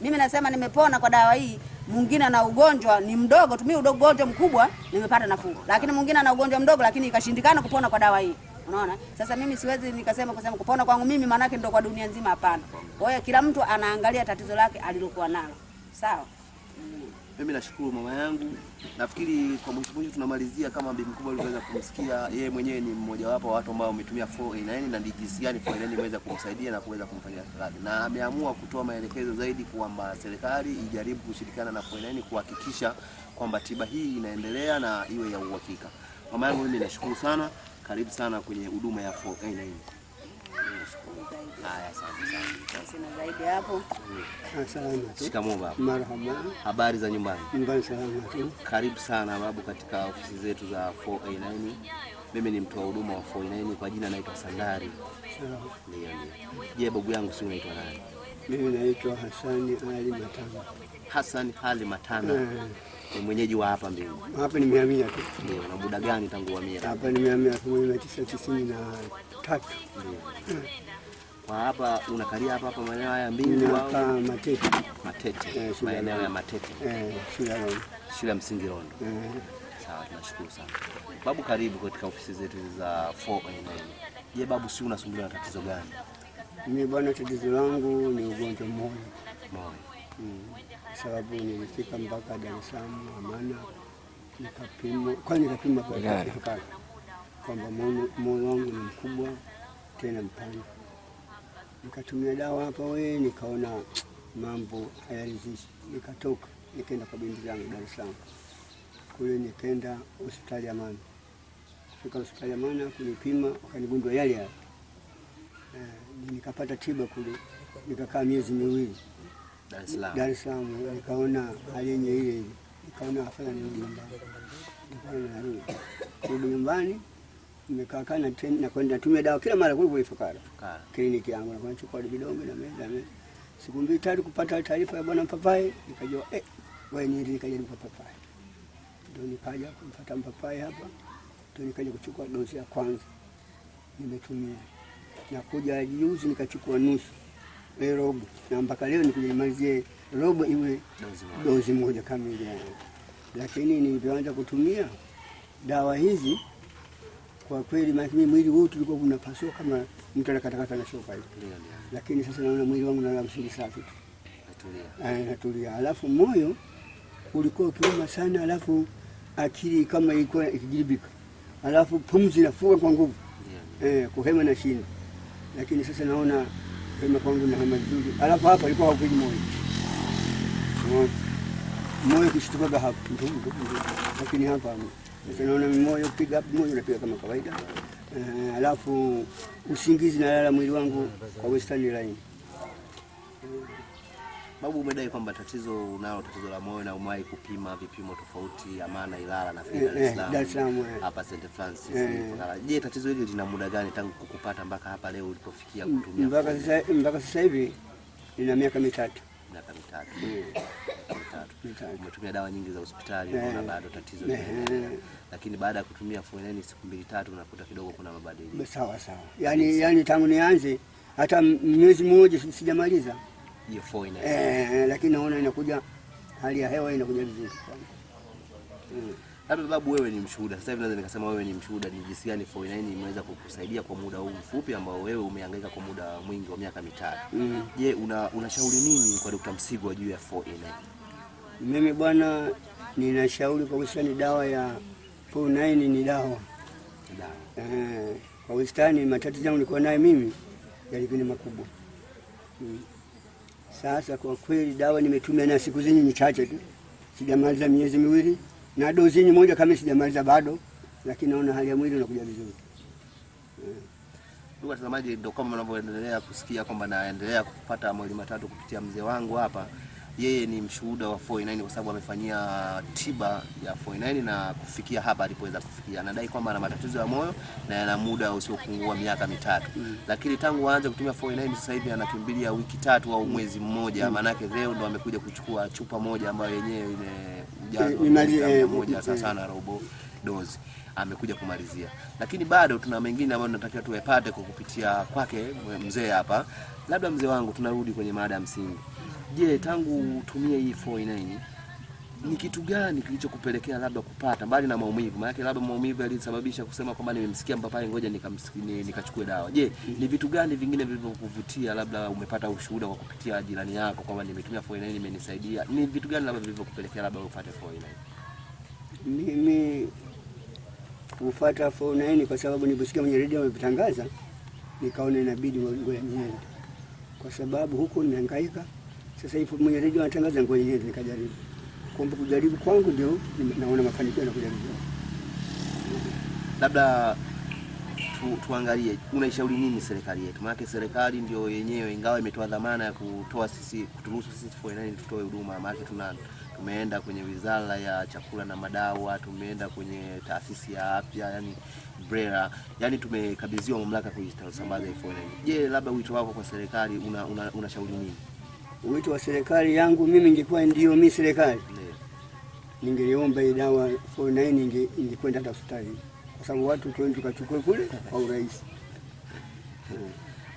Mimi nasema nimepona kwa dawa hii. Mwingine ana ugonjwa ni mdogo tu, mimi ugonjwa mkubwa nimepata nafuu, lakini mwingine ana ugonjwa mdogo, lakini ikashindikana kupona kwa dawa hii. Unaona, sasa mimi siwezi nikasema kusema kupona kwangu mimi maanake ndo kwa dunia nzima, hapana. Kwa hiyo kila mtu anaangalia tatizo lake alilokuwa nalo, sawa. Mimi nashukuru mama yangu, nafikiri kwa mwisho mwisho tunamalizia kama bibi mkubwa aliweza kumsikia yeye mwenyewe ni mmoja wapo wa watu ambao umetumia 4A9 na jinsi gani 4A9 imeweza kumsaidia na kuweza kumfanyia kazi, na ameamua kutoa maelekezo zaidi kwamba serikali ijaribu kushirikiana na 4A9 kuhakikisha kwamba tiba hii inaendelea na iwe ya uhakika. Mama yangu, mimi nashukuru sana, karibu sana kwenye huduma ya 4A9. Habari za nyumbani? Nyumbani salama tu. Karibu sana babu katika ofisi zetu za 4A9. Mimi ni mtoa huduma wa 4A9 kwa jina naitwa Sandari. Ndio ndio. Je, babu yangu si unaitwa nani? Mimi naitwa Hasani Ali Matano. Hasani Ali Matano. Eh. Ni mwenyeji wa hapa mbili. Hapa nimehamia tu. Ndio. Na muda gani tangu uhamia? Hapa nimehamia 1993. Ndio. Kwa hapa unakalia hapa hapa maeneo haya mbili au hapa Matete. Matete. Eh, maeneo ya Matete. Eh, shule ya msingi Rondo. Eh. Sawa, tunashukuru sana. Babu, karibu katika ofisi zetu za 4A9. Je, babu, si unasumbuliwa na tatizo gani? Mimi bwana, tatizo langu ni ugonjwa mmoja. Mmoja. Mm sababu nilifika mpaka Dar es Salaam Amana, nikapimwa kwani nikapima kwa kwamba moyo wangu ni mkubwa tena mpana. Nikatumia dawa hapa we, nikaona mambo hayalizishi, nikatoka nikaenda kwa binti zangu Dar es Salaam kule, nikaenda hospitali Amana. Fika hospitali Amana kunipima, wakanigundua yale yale. Eh, nikapata tiba kule, nikakaa miezi miwili. Dar es Salaam, nikaona hali yenye ile, nikaona afadhali nirudi nyumbani. Nirudi nyumbani, nimekaa na tena natumia dawa kila mara kule kule Ifakara kliniki yangu, nakwenda chukua vidonge na meza Siku mbili tatu kupata taarifa ya bwana Mpapai, nikajua eh, wewe ni nikaja kwa Mpapai, ndio nikaja kumfuata Mpapai hapa, ndio nikaja kuchukua dozi ya kwanza, nimetumia na kuja juzi nikachukua nusu ile robo, na mpaka leo nikuja nimalizie robo iwe dozi moja kamili, lakini nilivyoanza kutumia dawa hizi kwa kweli mimi mwili huu tulikuwa unapasua kama mtu anakatakata na shoka hiyo, lakini sasa naona mwili wangu nala msingi safi tu, eh, natulia. Alafu moyo ulikuwa ukiuma sana, alafu akili kama ilikuwa ikijibika, alafu pumzi nafuka kwa nguvu eh, kuhema na shinda, lakini sasa naona Sema kwangu na hema nzuri. Alafu hapa ilikuwa hakuji moyo. Moyo kishtukaga hapa. Lakini hapa sasa naona moyo piga moyo napiga kama kawaida. Eh, alafu usingizi nalala mwili wangu kwa western line. Babu, umedai kwamba tatizo unalo tatizo la moyo na umewahi kupima vipimo tofauti Amana, Ilala na eh, eh, Dar es Salaam eh. hapa St Francis. Je, tatizo hili lina muda gani tangu kukupata mpaka hapa leo ulipofikia kutumia? Mpaka sasa mpaka sasa hivi ina miaka mitatu. Miaka mitatu. Mitatu. Umetumia dawa nyingi za hospitali unaona bado tatizo linaendelea. Lakini baada ya kutumia Fueneni siku mbili tatu unakuta kidogo kuna mabadiliko. Sawa sawa. Yaani yaani tangu nianze hata mwezi mmoja sijamaliza hiyo ina eh, eh, lakini naona inakuja hali ya hewa inakuja vizuri sana mm. babu, wewe ni mshuhuda sasa hivi, naweza nikasema wewe ni mshuhuda ni jinsi gani 49 imeweza kukusaidia kwa muda huu mfupi ambao wewe umehangaika kwa muda mwingi wa miaka mitatu. Hmm. Je, una unashauri nini kwa Dr. Msigwa juu ya 49? Mimi bwana, ninashauri kwa wastani dawa ya 49 ni dawa dawa. Eh, kwa ustani matatizo yangu nilikuwa naye mimi yalikuwa ni makubwa mm. Sasa kwa kweli dawa nimetumia na siku zenye ni chache tu, sijamaliza miezi miwili na dozi moja kama sijamaliza bado, lakini naona hali ya mwili inakuja vizuri Ndugu watazamaji, ndio kama mnavyoendelea kusikia kwamba naendelea kupata mawili matatu kupitia mzee wangu hapa yeye ni mshuhuda wa 49 kwa sababu amefanyia tiba ya 49 na kufikia hapa alipoweza kufikia. Anadai kwamba ana matatizo ya moyo na yana muda usiopungua miaka mitatu mm. Lakini tangu aanze kutumia 49 sasa hivi anakimbilia wiki tatu au mwezi mmoja mm. Maanake leo ndo amekuja kuchukua chupa moja ambayo yenyewe imejazwa eh, eh, moja eh, sasa sana robo dozi amekuja kumalizia, lakini bado tuna mengine ambayo tunatakiwa tuyapate kwa kupitia kwake mzee hapa. Labda mzee wangu, tunarudi kwenye mada ya msingi Je, tangu utumie hii 49 ni kitu gani kilichokupelekea labda kupata mbali na maumivu? Maana labda maumivu yalisababisha kusema kwamba nimemsikia Mpapai, ngoja nikachukue dawa. Je, ni vitu gani vingine vilivyokuvutia, labda umepata ushuhuda kwa kupitia jirani yako kwamba nimetumia 49 imenisaidia? Ni vitu gani labda vilivyokupelekea labda upate 49? Mimi kufuata 49 kwa sababu niliposikia kwenye redio wamevitangaza, nikaona inabidi ngoja niende, kwa sababu huko nimehangaika sasa hivi mwenye redio anatangaza nguo yenyewe, nikajaribu kumbe, kujaribu kwangu ndio naona mafanikio na kujaribu. Labda tu, tuangalie unaishauri nini serikali yetu, maana serikali ndio yenyewe, ingawa imetoa dhamana ya kutoa sisi kuturuhusu sisi nini tutoe huduma, maana tuna tumeenda kwenye wizara ya chakula na madawa, tumeenda kwenye taasisi ya afya, yani BRELA, yani tumekabidhiwa mamlaka kuisambaza. Je, labda wito wako kwa serikali unashauri una, una nini? wito wa serikali yangu mimi, ningekuwa ndio mimi serikali, ningeliomba ile dawa 49 ingekwenda hata hospitali, kwa sababu watu tuende tukachukue kule kwa urahisi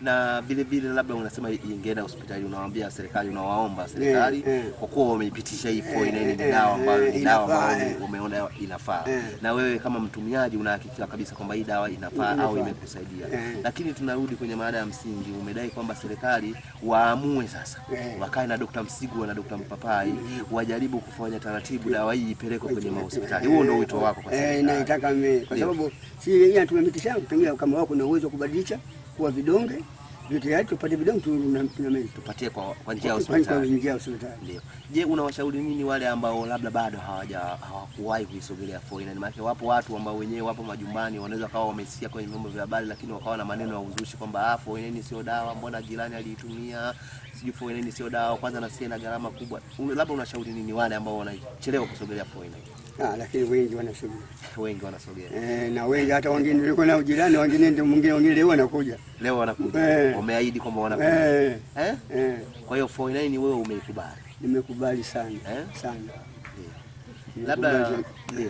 na vile vile labda unasema ingeenda hospitali, unawaambia serikali, unawaomba eh, serikali eh. kwa kuwa wameipitisha hii foi, aid eh, ni dawa ambayo ni dawa ambayo umeona inafaa na wewe kama mtumiaji unahakikisha kabisa kwamba hii dawa inafaa au imekusaidia Lakini tunarudi kwenye mada ya msingi, umedai kwamba serikali waamue sasa wakae na Dr. Msigwa na Dr. Mpapai mm. wajaribu kufanya taratibu dawa hii ipelekwe kwenye mahospitali. Huo ndio wito wako kwa sababu si wenyewe tumepitisha kama wako na uwezo kubadilisha kuwa vidonge Vyote hadi tupate vidonge tunameza. Tupatie kwa kwa njia ya hospitali. Njia ya hospitali. Ndio. Je, unawashauri nini wale ambao labda bado hawaja hawakuwahi kuisogelea 449? Maana wapo watu ambao wenyewe wapo majumbani wanaweza kawa wamesikia kwenye vyombo vya habari lakini wakawa na maneno ya uzushi kwamba ah, 449 sio dawa, mbona jirani aliitumia? Sijui 449 sio dawa, kwanza na gharama kubwa. Labda unashauri nini wale ambao wanachelewa kusogelea 449? Ah, lakini wengi wanasogea. Wengi wanasogea. Eh, na wengi hata wengine nilikuwa na jirani wengine ndio mwingine wengine leo wanakuja. Leo wanakuja. Eh. Eh. Umeahidi kwamba wana eh, eh? Eh. Kwa hiyo 49 wewe umeikubali? Nimekubali sana eh? Sana eh. Labda ndio ndio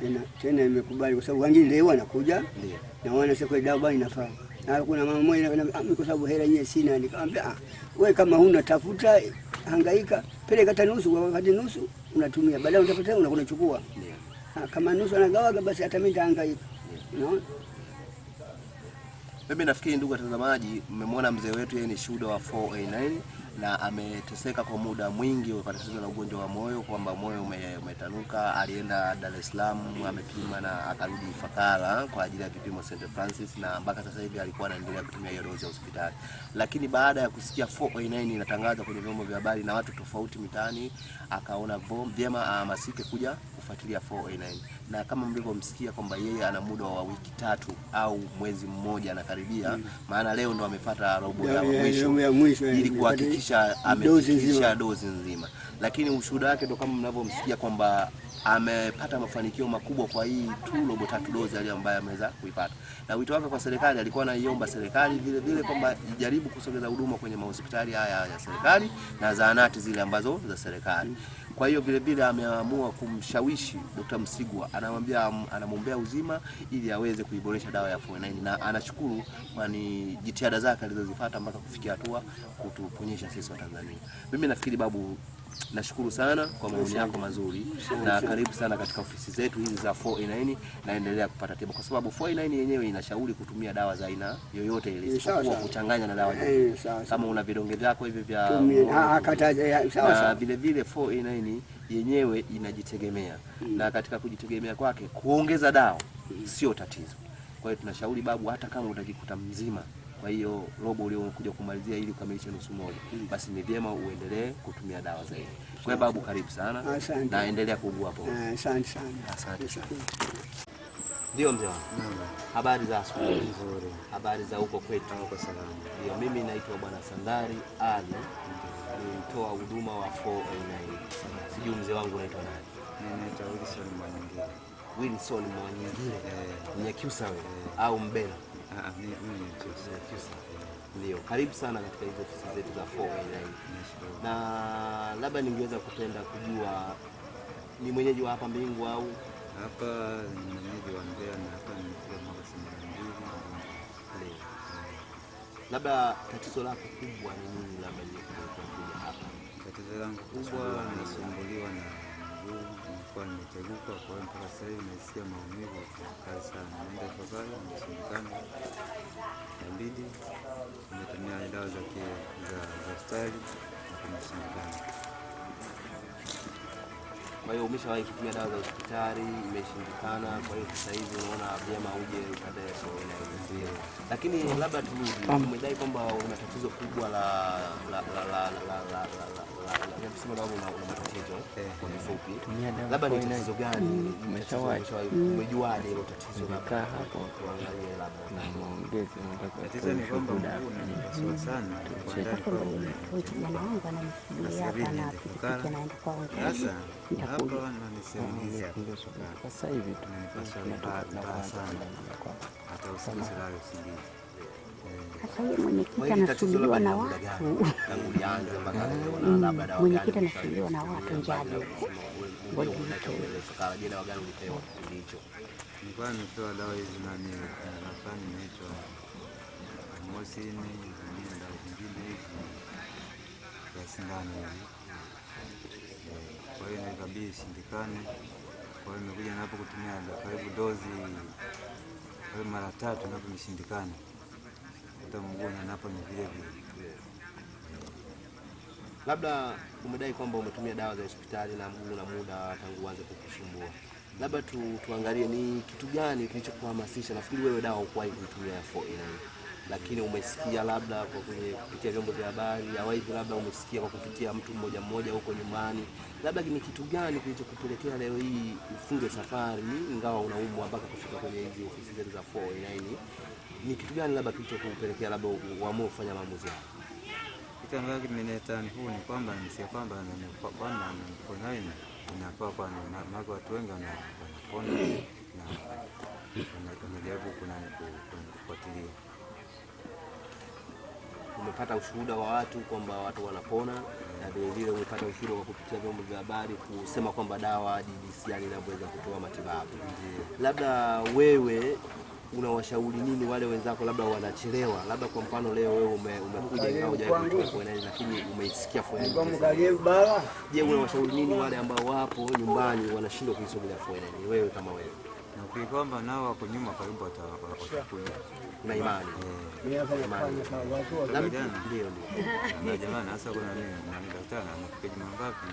tena tena imekubali kwa sababu wengine leo wanakuja na wana sasa dawa inafaa na kuna mama mmoja ah, kwa sababu hela yenyewe sina, nikamwambia ah, wewe kama huna tafuta, hangaika, peleka hata nusu, kwa wakati nusu unatumia, baadaye utapata unachukua. Ah, kama nusu anagawa basi hata mimi nitahangaika, unaona. Mimi nafikiri ndugu watazamaji, mmemwona mzee wetu, yeye ni shuhuda wa 4A9 na ameteseka kwa muda mwingi kwa tatizo la ugonjwa wa moyo, kwamba moyo umetanuka. Alienda Dar es Salaam amepima na akarudi Ifakara kwa ajili ya vipimo St Francis, na mpaka sasa hivi alikuwa anaendelea kutumia hiyo dozi ya hospitali. Lakini baada ya kusikia 4.9 inatangazwa kwenye vyombo vya habari na watu tofauti mitaani, akaona vyema ahamasike kuja kufuatilia 4.9, na kama mlivyomsikia kwamba yeye ana muda wa wiki tatu au mwezi mmoja anakaribia, mm. maana leo ndo amepata robo ya mwisho ili kuhakikisha amefikisha amefikisha dozi nzima, lakini ushuhuda wake ndo kama mnavyomsikia kwamba amepata mafanikio makubwa kwa hii tu robo tatu dozi ali ambayo ameweza kuipata, na wito wake kwa serikali alikuwa anaiomba serikali vile vile kwamba ijaribu kusogeza huduma kwenye mahospitali haya ya serikali na zahanati zile ambazo za serikali. Kwa hiyo vilevile ameamua kumshawishi Dr. Msigwa, anamwambia anamwombea uzima ili aweze kuiboresha dawa ya 49 na anashukuru, kwani jitihada zake alizozifuata mpaka kufikia hatua kutuponyesha sisi wa Tanzania. Mimi nafikiri babu nashukuru sana kwa maoni yako mazuri na karibu sana katika ofisi zetu hizi za 49, naendelea kupata tiba, kwa sababu 49 yenyewe inashauri kutumia dawa za aina yoyote ile isipokuwa kuchanganya na dawa eh, nyingine. Kama una vidonge vyako hivi vya ah, ah, eh, vile vile 49 jamii yenyewe inajitegemea mm. na katika kujitegemea kwake kuongeza dawa mm. sio tatizo. Kwa hiyo tunashauri babu, hata kama utajikuta mzima, kwa hiyo robo uliokuja kumalizia ili ukamilishe nusu moja, mm. basi ni vyema uendelee kutumia dawa zaidi. Kwa hiyo babu, karibu sana na endelea kuugua pole. Ah, asante sana. Asante sana. Ndio mzee wangu. Habari za asubuhi. Nzuri. Habari za huko kwetu. Ndio, mimi naitwa Bwana Sandari Ali mtoa huduma wa 409 sijui mzee wangu unaitwa nani? Naitwa Wilson Mwanyingile. Wilson Mwanyingile eh. Nyakyusa wewe eh. au Mbela? Ah, ah, eh. Ndio, karibu sana katika hizo ofisi zetu za 409 na labda ningeweza kupenda kujua ni mwenyeji wa hapa Mbingu au hapa Ni mwenyeji wa Mbeya na hapa nimekuja mwaka 82. Labda tatizo lako kubwa ni nini labda tatizo langu kubwa, nasumbuliwa na mguu, nilikuwa nimeteguka. Kwa hiyo mpaka sasa hivi naisikia maumivu kali sana, naenda kwa pale, nasumbulikana inabidi nimetumia dawa za hospitali na sindikana. Kwa hiyo umeshawahi kutumia dawa za hospitali imeshindikana, kwa hiyo sasa hivi unaona vyema uje upate suluhu. Lakini labda turudi, umedai kwamba una tatizo kubwa la kusema na una matatizo eh. kwa kifupi, labda ni tatizo gani? Umejuaje hilo tatizo? Labda tuangalie, labda naongeza, tatizo ni kwamba mguu unanipasua sana sasa. Hapa wananisemia sasa hivi tunanipasua mbaya sana, hata usingizi lale usingizi sasa yeye mwenyekiti mm, anasumbuliwa na watu, mwenyekiti anasumbuliwa na watu njadi bodi mtu nilikuwa nimepewa dawa hizi nani eh, nafani inaitwa mosini eh, zingine dawa zingine hizi za sindano hizi. Kwa hiyo nikabidi ishindikane. Kwa hiyo nimekuja napo kutumia karibu dozi mara tatu napo nishindikane utamwona hapa ni vile vile. Labda umedai kwamba umetumia dawa za hospitali na mguu na muda tangu uanze kukusumbua, labda tu, tuangalie ni kitu gani kilichokuhamasisha. Nafikiri wewe dawa hukuwahi kuitumia ya 4A9 lakini umesikia labda kwa kwenye kupitia vyombo vya habari au hivi, labda umesikia kwa kupitia mtu mmoja mmoja huko nyumbani, labda ni kitu gani kilichokupelekea leo hii ufunge safari, ingawa unaumwa mpaka kufika kwenye hizi ofisi zetu za 4A9 ni kitu gani labda kilichokupelekea labda uamue kufanya maamuzi hayo? Kitu ambacho ni huu ni kwamba nisikia kwamba online inakuwa kwa maana watu wengi wanapona na wanajaribu kuna kufuatilia. Umepata ushuhuda wa watu kwamba watu wanapona na vilevile umepata ushuhuda wa kupitia vyombo vya habari kusema kwamba dawa jinsi gani inavyoweza kutoa matibabu. Labda wewe unawashauri nini wale wenzako, labda wanachelewa, labda kwa mfano leo wewe ume, umekuja ingawa hujawahi, lakini umeisikia Forex. Je, unawashauri nini wale ambao wapo nyumbani wanashindwa kuisogelea Forex, wewe kama wewe? Na kwa kwamba nao wako nyuma karibu watakuwa eh. na imani. Ndio, ndio. Jamaa na kuna nini? Na daktari anakuja juma ngapi?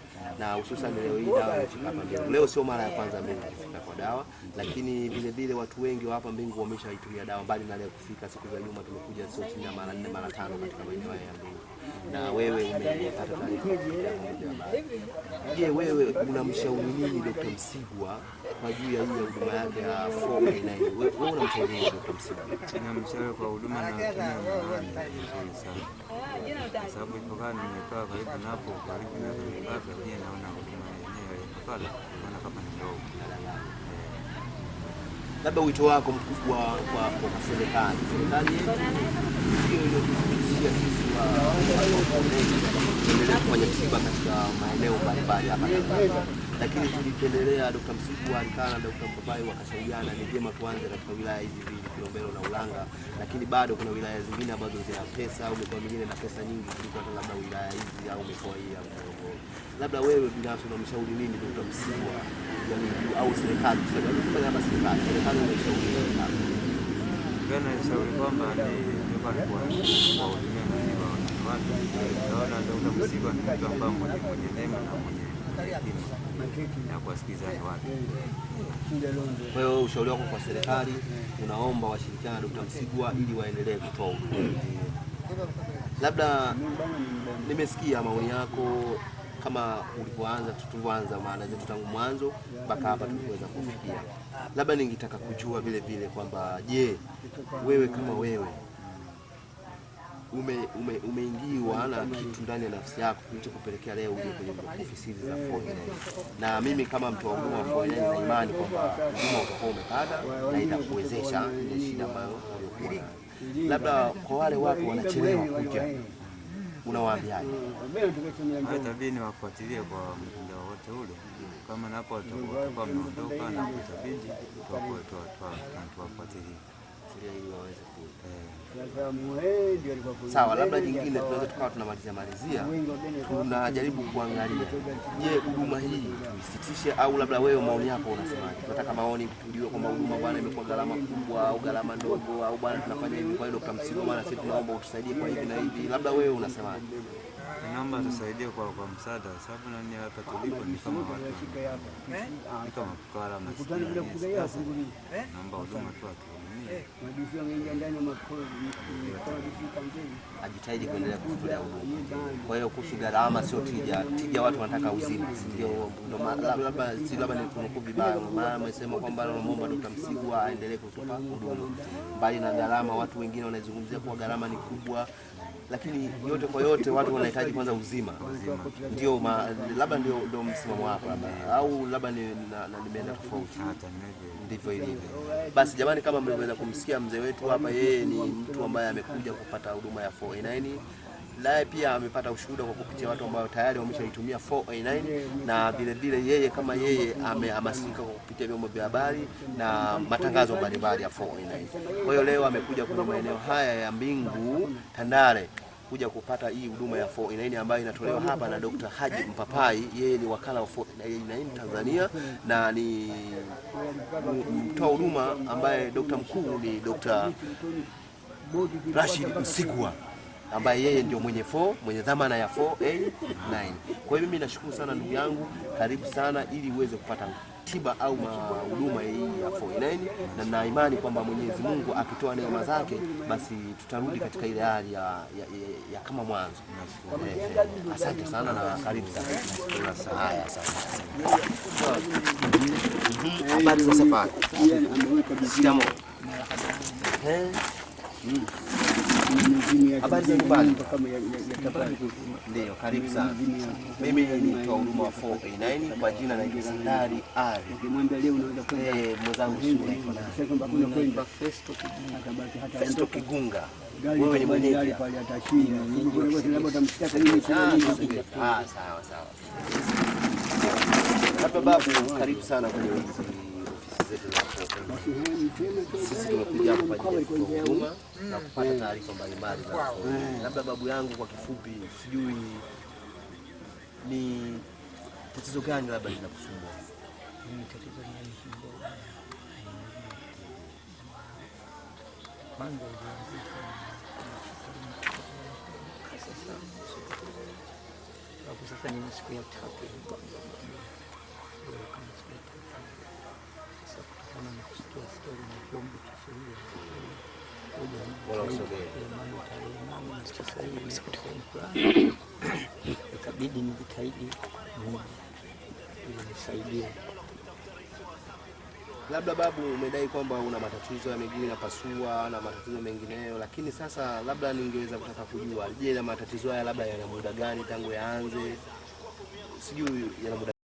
na hususan leo hii dawa imefika hapa Mbingu. Leo sio mara ya kwanza Mbingu kufika kwa dawa, lakini vile vile watu wengi wa hapa Mbingu wameshaitumia dawa, mbali na leo kufika. Siku za nyuma tumekuja sio chini ya mara nne mara tano katika maeneo haya ya Mbingu na wewe umepata taarifa Je, wewe unamshauri nini Dr. Msigwa kwa juu ya hii ya huduma yake ya 499? Wewe unamshauri nini Dr. Msigwa? Namshauri kwa huduma na vizuri sana, kwa sababu ipo kana nimekaa karibu napo karibu na kaka, pia naona huduma yenyewe pale naona kama ni ndogo. Labda wito wako mkubwa kwa serikali, serikali yetu hiyo pia sisi tuendelea kufanya tiba katika maeneo mbalimbali hapa Tanga, lakini tulipendelea Dr. Msugu alikana na Dr. Mpapai wakashauriana ni vyema tuanze katika wilaya hizi mbili Kilombero na Ulanga, lakini bado kuna wilaya zingine ambazo zina pesa au mikoa mingine na pesa nyingi kuliko hata labda wilaya hizi au mikoa hii ya Morogoro. Labda wewe binafsi unamshauri nini Dr. Msugu au serikali tuseme kama serikali serikali unashauri nini? Gani shauri kwamba ni nyumbani kwa wake. Naona ndio utamsiba ni mtu ambaye mwenye mwenye neema na mwenye na ya kuwasikilizani wake. Kwa hiyo ushauri wako kwa serikali, unaomba washirikiana na Dkt. Msigwa ili waendelee kutoa huduma. Labda nimesikia maoni yako kama ulipoanza tulivyoanza maana zetu tangu mwanzo mpaka hapa tuweza kufikia, labda ningetaka kujua vile vile kwamba je, wewe kama wewe ume, ume, umeingiwa na kitu ndani ya nafsi yako kilichokupelekea leo uje kwenye ofisi za Fonyaine, na mimi kama mtu wa huduma wa na imani kwamba huduma utakuwa umepata na itakuwezesha ile shida ambayo uliokuwa Labda kwa wale watu wanachelewa kuja unawaambiaje? Itabidi niwafuatilie kwa mtindo wote ule, kama napo watakuwa mnaondoka na itabidi tuwafuatilie kufuria ili waweze ku sawa. Labda jingine tunaweza tukawa tunamalizia malizia, tunajaribu kuangalia, je, huduma hii tuisitishe au labda wewe maoni yako unasemaje? Tunataka maoni tujue kwamba huduma bwana imekuwa gharama kubwa au gharama ndogo au bwana tunafanya hivi kwa hiyo Dkt. Msigwa maana sisi tunaomba utusaidie kwa hivi na hivi, labda wewe unasemaje? Naomba tusaidie kwa kwa msaada, sababu nani hapa tulipo ni kama watu ni kama fukara masikini. Naomba huduma tu ajitahidi kuendelea kufuga huduma. Kwa hiyo kuhusu gharama, sio tija, tija watu wanataka uzima, labda si labda nikunukuu vibaya, maana amesema kwamba anamwomba dokta Msigwa aendelee kutupa huduma. Mbali na gharama, watu wengine wanaizungumzia kuwa gharama ni kubwa lakini yote kwa yote watu wanahitaji kwanza uzima, ndio labda ndio msimamo wako, labda au labda nimeenda tofauti, ndivyo ilivyo. Basi jamani, kama mlivyoweza kumsikia mzee wetu hapa, yeye ni mtu ambaye amekuja kupata huduma ya 4A9 naye pia amepata ushuhuda kwa kupitia watu ambao tayari wameshaitumia 4A9 na vilevile yeye kama yeye amehamasika kwa kupitia vyombo vya habari na matangazo mbalimbali ya 4A9. Kwa hiyo leo amekuja kwenye maeneo haya ya Mbingu Tandale kuja kupata hii huduma ya 4A9 ambayo inatolewa hapa na Dr. Haji Mpapai. Yeye ni wakala wa 4A9 Tanzania na ni mtoa huduma ambaye dokta mkuu ni Dr. Rashid Msigwa ambaye yeye ndio mwenye 4 mwenye dhamana ya 4A9. Kwa hiyo mimi nashukuru sana ndugu yangu, karibu sana ili uweze kupata tiba au huduma hii ya 4A9, na naimani imani kwamba Mwenyezi Mungu akitoa neema zake, basi tutarudi katika ile hali ya, ya, ya, ya kama mwanzo. Eh, asante sana na karibu sana. Haya, asante. Habari za safari. Ndio, karibu sana. Mimi naitwa huduma 4A9 kwa jina la Jisandari Ali. Eh, mwenzangu Festo Kigunga, ah, Sawa sawa. karibu sana kwenye ofisi zetu sisi tumekuja kwa ajili ya huduma na kupata taarifa mbalimbali za labda babu yangu, kwa kifupi, sijui ni tatizo gani labda linakusumbua? Sasa ni siku ya tatu ikabidi nijitahidi nisaidie. Labda babu, umedai kwamba una matatizo ya miguu inapasua na matatizo mengineyo, lakini sasa labda ningeweza kutaka kujua, je, na matatizo haya labda yana muda gani tangu yaanze? Sijui yana muda